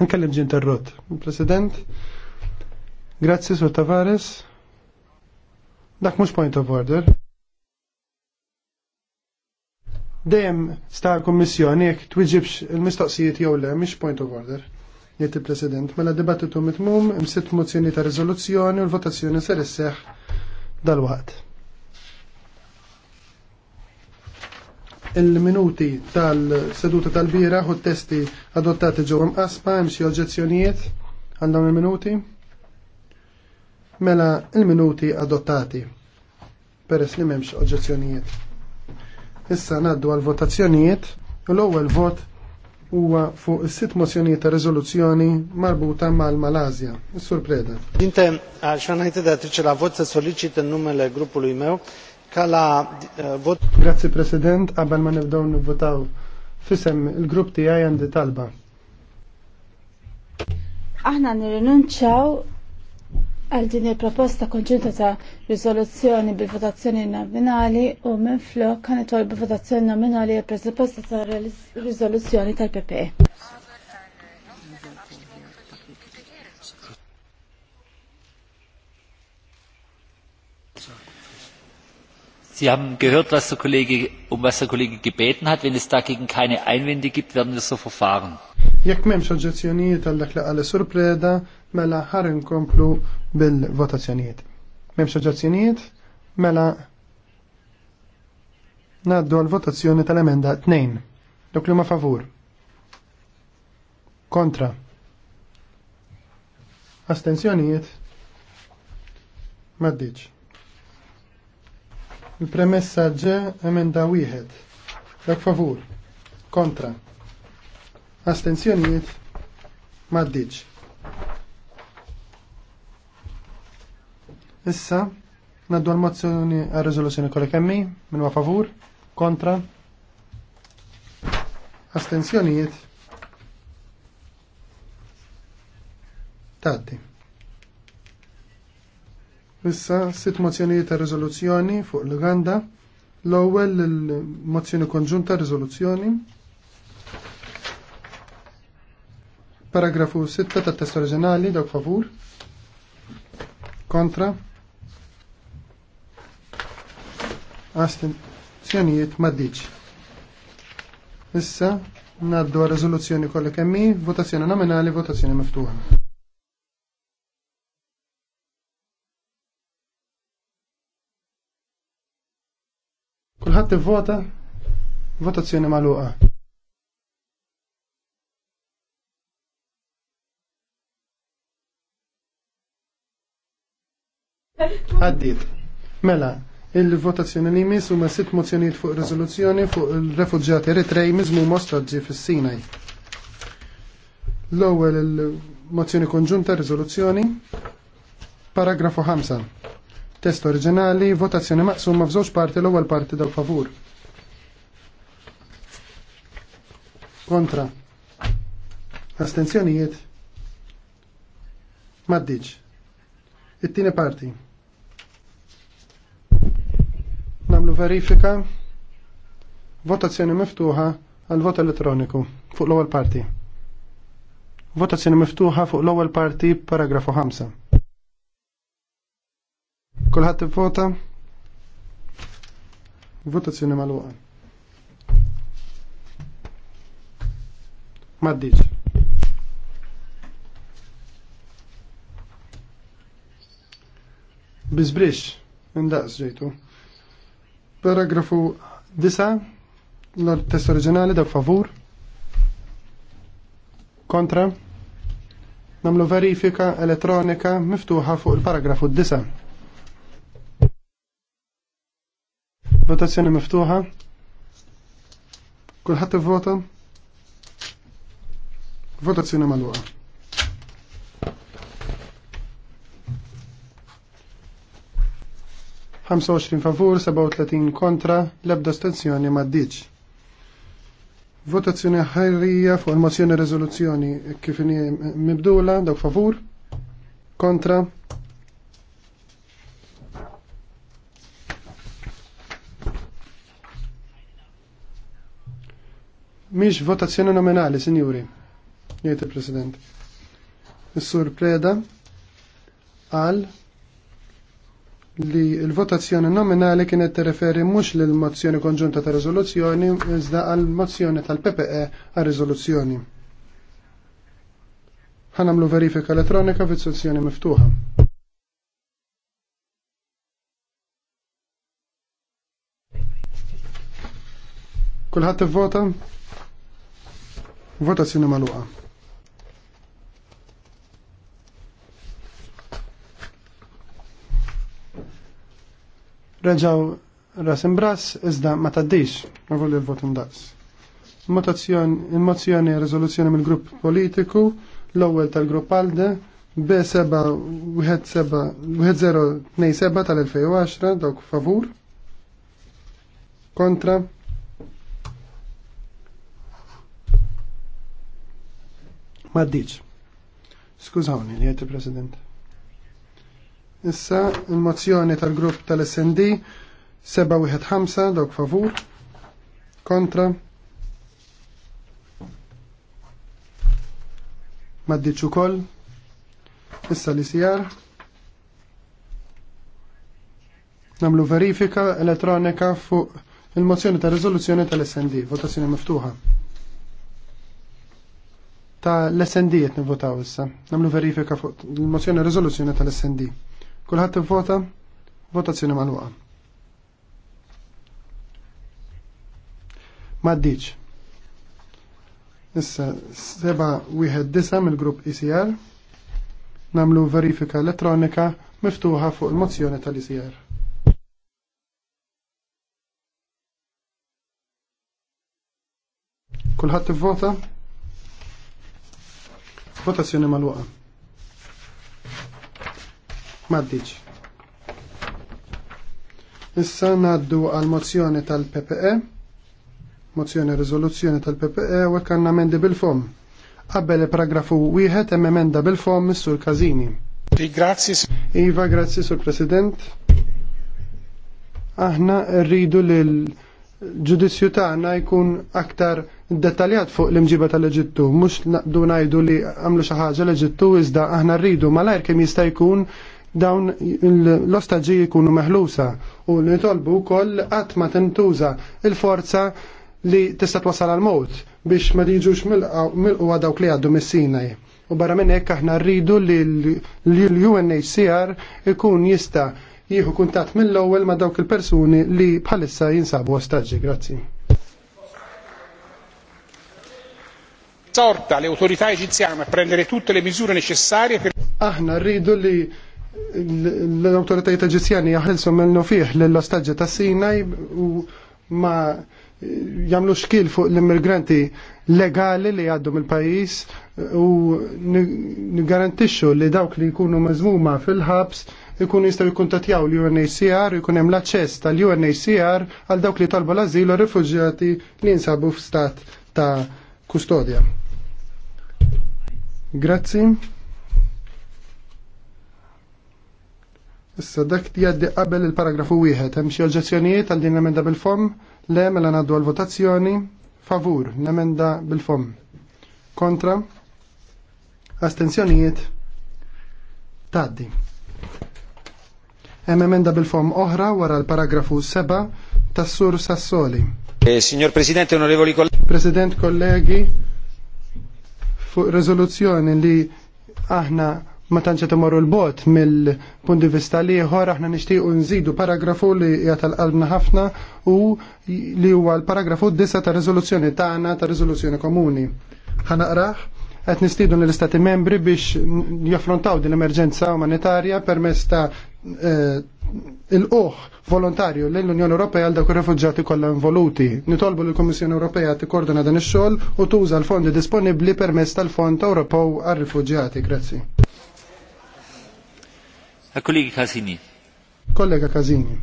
Nkellem ġin tarrot. President, grazzi sur Tavares. Dak mux point of order. Dejem star kommissjoni jek twiġibx il-mistoqsijiet jew le, mhix point of order. Jiet il-President, mela dibattitu mitmum imsitt mozzjoni ta' riżoluzzjoni u l-votazzjoni ser isseħ dal-waqt. il-minuti tal-seduta tal-bira u testi adottati ġewwa mqasma hemm xi oġġezzjonijiet għal dawn il-minuti. Mela il-minuti adottati peress li m'hemmx oġezzjonijiet. Issa ngħaddu għal votazzjonijiet u l-ewwel vot huwa fuq is-sitt mozzjonijiet ta' riżoluzzjoni marbuta mal-Malazja. Is-Sur Preda. Dinte, għal xanajti da vot se sollicit in gruppu gruppului meu kala eh, vot. Grazie President, Abel ma nibdew nivvotaw fisem il-grupp tiegħi għandi talba. Aħna nirrinunċaw għal din il-proposta konġunta ta' riżoluzzjoni bil-votazzjoni nominali u minn flok kanet votazzjoni nominali għal proposta ta' risoluzzjoni tal-PPE. Sie haben gehört, was der Kollege, um was der Kollege gebeten hat. Wenn es dagegen keine Einwände gibt, werden wir so verfahren. Jekk m'hemmx oġġezzjonijiet għal dak li qal surpreda, mela ħar inkomplu bil-votazzjonijiet. M'hemmx oġġezzjonijiet, mela ngħaddu għal votazzjoni tal-emenda 2. Dok li ma favur. Kontra. Astenzjonijiet. Maddiċ. Il-premessa ġe emenda wieħed. Dak favur. Kontra. Astenzjonijiet maddiċ. Issa, naddu għal-mozzjoni għal-rezoluzjoni kolla kemmi, minn favur, kontra, astenzjonijiet, tatti. Issa sitt mozzjonijiet ta' riżoluzzjoni fuq l-Uganda. L-ewwel il-mozzjoni konġunta riżoluzzjoni. Paragrafu 6 tat test oriġinali dawk favur. Kontra. Astenzjonijiet maddiċ. Issa naddu għal riżoluzzjoni kollha kemm votazzjoni nominali, votazzjoni miftuħa. Kulħadd ivvota? Votazzjoni magħluqa. Għaddit. Mela, il-votazzjoni li jmiss huma sitt mozzjonijiet fuq riżoluzzjoni fuq il refuġġjati Eritrej miżmu mostraġġi fis-Sinaj. L-ewwel il-mozzjoni konġunta riżoluzzjoni paragrafu 5. Test oriġinali, votazzjoni maqsuma f'żewġ parti l-ewwel parti daw favur. Kontra. Astenzjonijiet. Maddiċ. It-tieni parti. Namlu verifika. Votazzjoni miftuħa għal vot elettroniku fuq l-ewwel parti. Votazzjoni miftuħa fuq l-ewwel parti paragrafu 5. Kulħadd ivvota? Votazzjoni magħluqa. Maddiċ. Bizbrix, indaqs ġejtu. Paragrafu 9, l-test originali, da favur. Kontra. Namlu verifika elettronika miftuħa fuq il-paragrafu 9. Votazzjoni miftuħa. Kulħadd ivvota. Votazzjoni magħluqa. Ħamsa favur, 37 kontra, l-ebda stenzjoni maddiċ. Votazzjoni ħajrija fuq il-mozzjoni rezoluzzjoni kif mibdula, dawk favur, kontra, Miex votazzjoni nominali, signori, jgħid il-President. Is-Sur Preda qal li l-votazzjoni nominali kienet referi mhux lil mozzjoni konġunta ta' riżoluzzjoni iżda għal mozzjoni tal-PPE għal riżoluzzjoni. Ħanamlu verifika elettronika fit sezzjoni miftuħa. Kulħadd ivvota? vota Votazzjoni maluqa. Reġaw rasembras, iżda ma taddix, ma volli l-vot imdaqs. Il-mozzjoni e rezoluzzjoni mill-grupp politiku, l-ewwel tal-grupp ALDE, B7-1027 tal-2010, dawk favur, kontra, Maddiċ. Skużawni, li għet president Issa, il-mozzjoni tal-grupp tal-SND 715, dok favur, kontra, u koll, issa li sijar, namlu verifika elettronika fuq il-mozzjoni tal-rezoluzzjoni tal-SND, votazzjoni miftuħa ta' l-SND jett nivvotaw issa. Namlu verifika fuq il-mozzjoni rezoluzzjoni tal-SND. Kulħadd vota votazzjoni manuqa. Maddiċ. Issa seba wieħed disa mill-grupp ICR. E Namlu verifika elettronika miftuħa fuq il-mozzjoni tal-ICR. Kulħadd ivvota? vota Votazzjoni mal-waqa. Maddiċ. Issa naddu għal mozzjoni tal-PPE, mozzjoni e rizoluzzjoni tal-PPE u għanna mendi bil-fom. Qabbel paragrafu wieħed hemm emenda bil-fom sur Kazini. Grazzi. Iva, grazzi sur President. Aħna rridu lil ġudizzju tagħna jkun aktar dettaljat fuq l-imġiba tal-Eġittu, mhux naqdu ngħidu li għamlu xi ħaġa l-Eġittu iżda aħna rridu malajr kemm jista' jkun dawn l-ostaġġi jkunu meħlusa u nitolbu wkoll qatt ma tintuża il-forza li tista' twasal għal mod biex ma diġux milqu dawk li għaddu mis-Sinaj. U barra minn hekk aħna rridu li l-UNHCR ikun jista' jieħu kuntatt mill-ewwel ma' dawk il-persuni li bħalissa jinsabu ostaġġi. Grazzi. Sorta le autorità egiziane a prendere tutte le misure necessarie per Aħna rridu li l-autoritajiet eġizjani jaħelsu melnu fih l-ostaġġi ta' Sinaj u ma jamlu xkil fuq l-immigranti legali li għaddu mill pajis u nigarantixxu li dawk li jkunu mażmuma fil-ħabs ikun jistaw jikuntatjaw l-UNHCR ikun hemm l-aċċess tal-UNHCR għal dawk li talbu l-azil u rifuġjati li jinsabu f'stat ta' kustodja. Grazzi. Issa dak jaddi qabel il-paragrafu wieħed hemm xi oġġezzjonijiet għal din l-emenda bil-fom le mela ngħaddu għal votazzjoni favur l-emenda bil-fom. Kontra? Astenzjonijiet? Taddi. Hemm emenda bil form oħra wara l-paragrafu 7 tas-Sur Sassoli. Eh, signor Presidente, onorevoli colleghi. President, kollegi, fuq rezoluzzjoni li aħna ma tantx qed imorru l-bot mill-punt di vista ħor aħna nixtiequ nżidu paragrafu li hija tal-qalbna ħafna u li huwa l-paragrafu disa ta' rezoluzzjoni tagħna ta' rezoluzzjoni komuni. naqrah qed nistidu lill istati membri biex jaffrontaw din l-emerġenza umanitarja permezz ta' Eh, il-qoħ volontarju l unjoni Ewropea għal dawk ir-refuġġati kollha involuti. Nitolbu l kummissjoni Ewropea tikkordona dan ix-xogħol u tuża l-fondi disponibbli permezz tal-Fond Ewropew għar-Rifuġġati. Grazzi. Kollega Casini. Kollega Casini.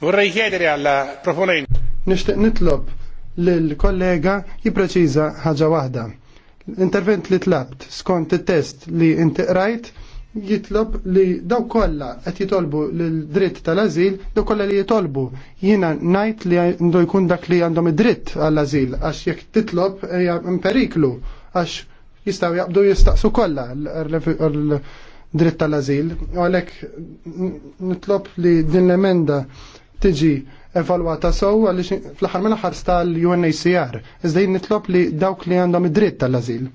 Vorrei chiedere alla proponente. Nixtieq nitlob lill kollega jippreċiża ħaġa waħda. l Intervent li tlabt skont it-test li inti qrajt jitlob li daw kollha qed jitolbu l-dritt tal-azil, daw kollha li jitolbu. Jiena ngħid li għandu jkun dak li għandhom id-dritt għall-azil għax jekk titlob hija eh, periklu għax jistgħu jaqbdu jistaqsu kollha l-dritt tal-azil. U għalhekk nitlob li din l-emenda tiġi evalwata sew għaliex fl-aħħar ħarsta l-UNHCR. Iżda jien nitlob li dawk li għandhom id-dritt tal-azil.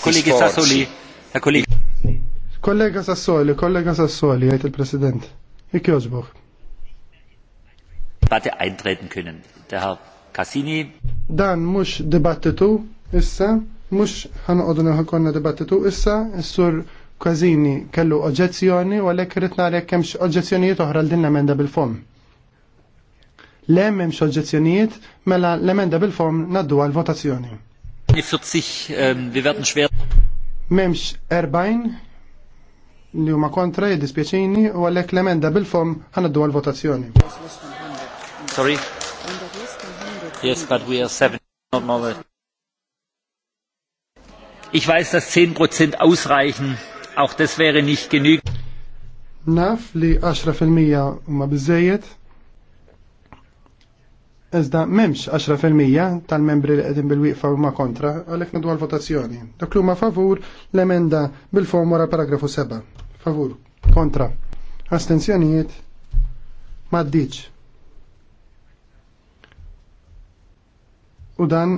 Kollega Sassoli, kollega Sassoli, għajt il-President. Ik joġbuħ. Debatte eintreten können. Der Herr Cassini. Dan mux dibattitu issa, mux odunu ħakonna dibattitu issa, issur sur kellu oġezzjoni u għalek rritna għalek kemx oġezzjonijiet oħra l-din l-emenda bil-fom. Le memx oġezzjonijiet mela l-emenda bil-fom naddu għal-votazzjoni. 40, ähm, wir werden schwer. Memx 40 li huma kontra jiddispjaċini u għalhekk l-emenda bil-fom għanaddu għal-votazzjoni. Sorry. Yes, but we are seven. Not more. Ich weiß, dass 10% ausreichen. Auch das wäre nicht genügend. Naf li 10% huma bizzejet. Iżda memx 10% tal-membri li qegħdin bil-wieqfa huma kontra għalhekk nidwa l-votazzjoni. Dak huma favur l-emenda bil-fom wara paragrafu 7. Favur, kontra. Astenzjonijiet m'għaddiċ. U dan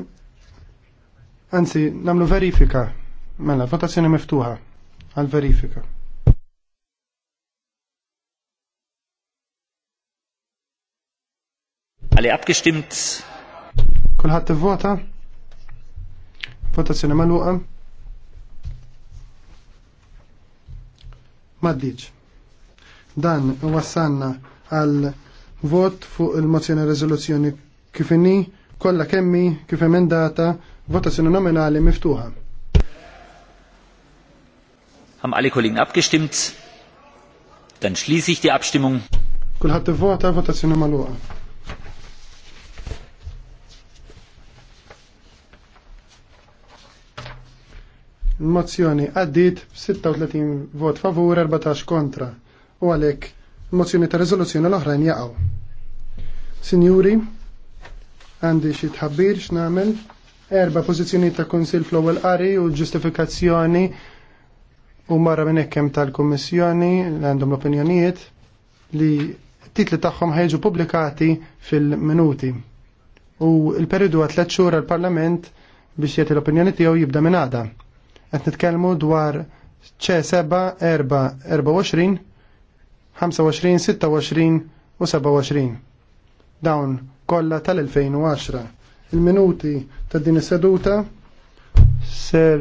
anzi nagħmlu verifika mela votazzjoni miftuħa għal verifika. Alle abgestimmt? Kulħadd ivvota? Votazzjoni magħluqa? Maddiċ. Dan wassanna għal vot fuq il-mozzjoni rezoluzzjoni kif inni kollha kemmi kif emendata votazzjoni nominali miftuħa. Haben alle Kollegen abgestimmt? Dann schließe ich die Abstimmung. Kulħadd ivvota votazzjoni magħluqa. Mozzjoni għaddit 36 vot favur, 14 kontra. U għalek, mozzjoni ta' rezoluzjoni l-oħrajn jaqaw. Signuri, għandi xi tħabbir x'namel, erba' pożizzjoni ta' Kunsil fl-ewwel qari u ġustifikazzjoni u marra minn hekk tal-Kummissjoni li għandhom l-opinjonijiet li titli tagħhom ħejġu pubblikati fil-minuti. U l-periodu għat tliet xhur għall-Parlament biex jagħti l-opinjoni tiegħu jibda minn għada. Qed nitkellmu dwar C7, 24, 25, 26 u 27. Dawn kollha tal-2010. Il-minuti ta' din is-seduta ser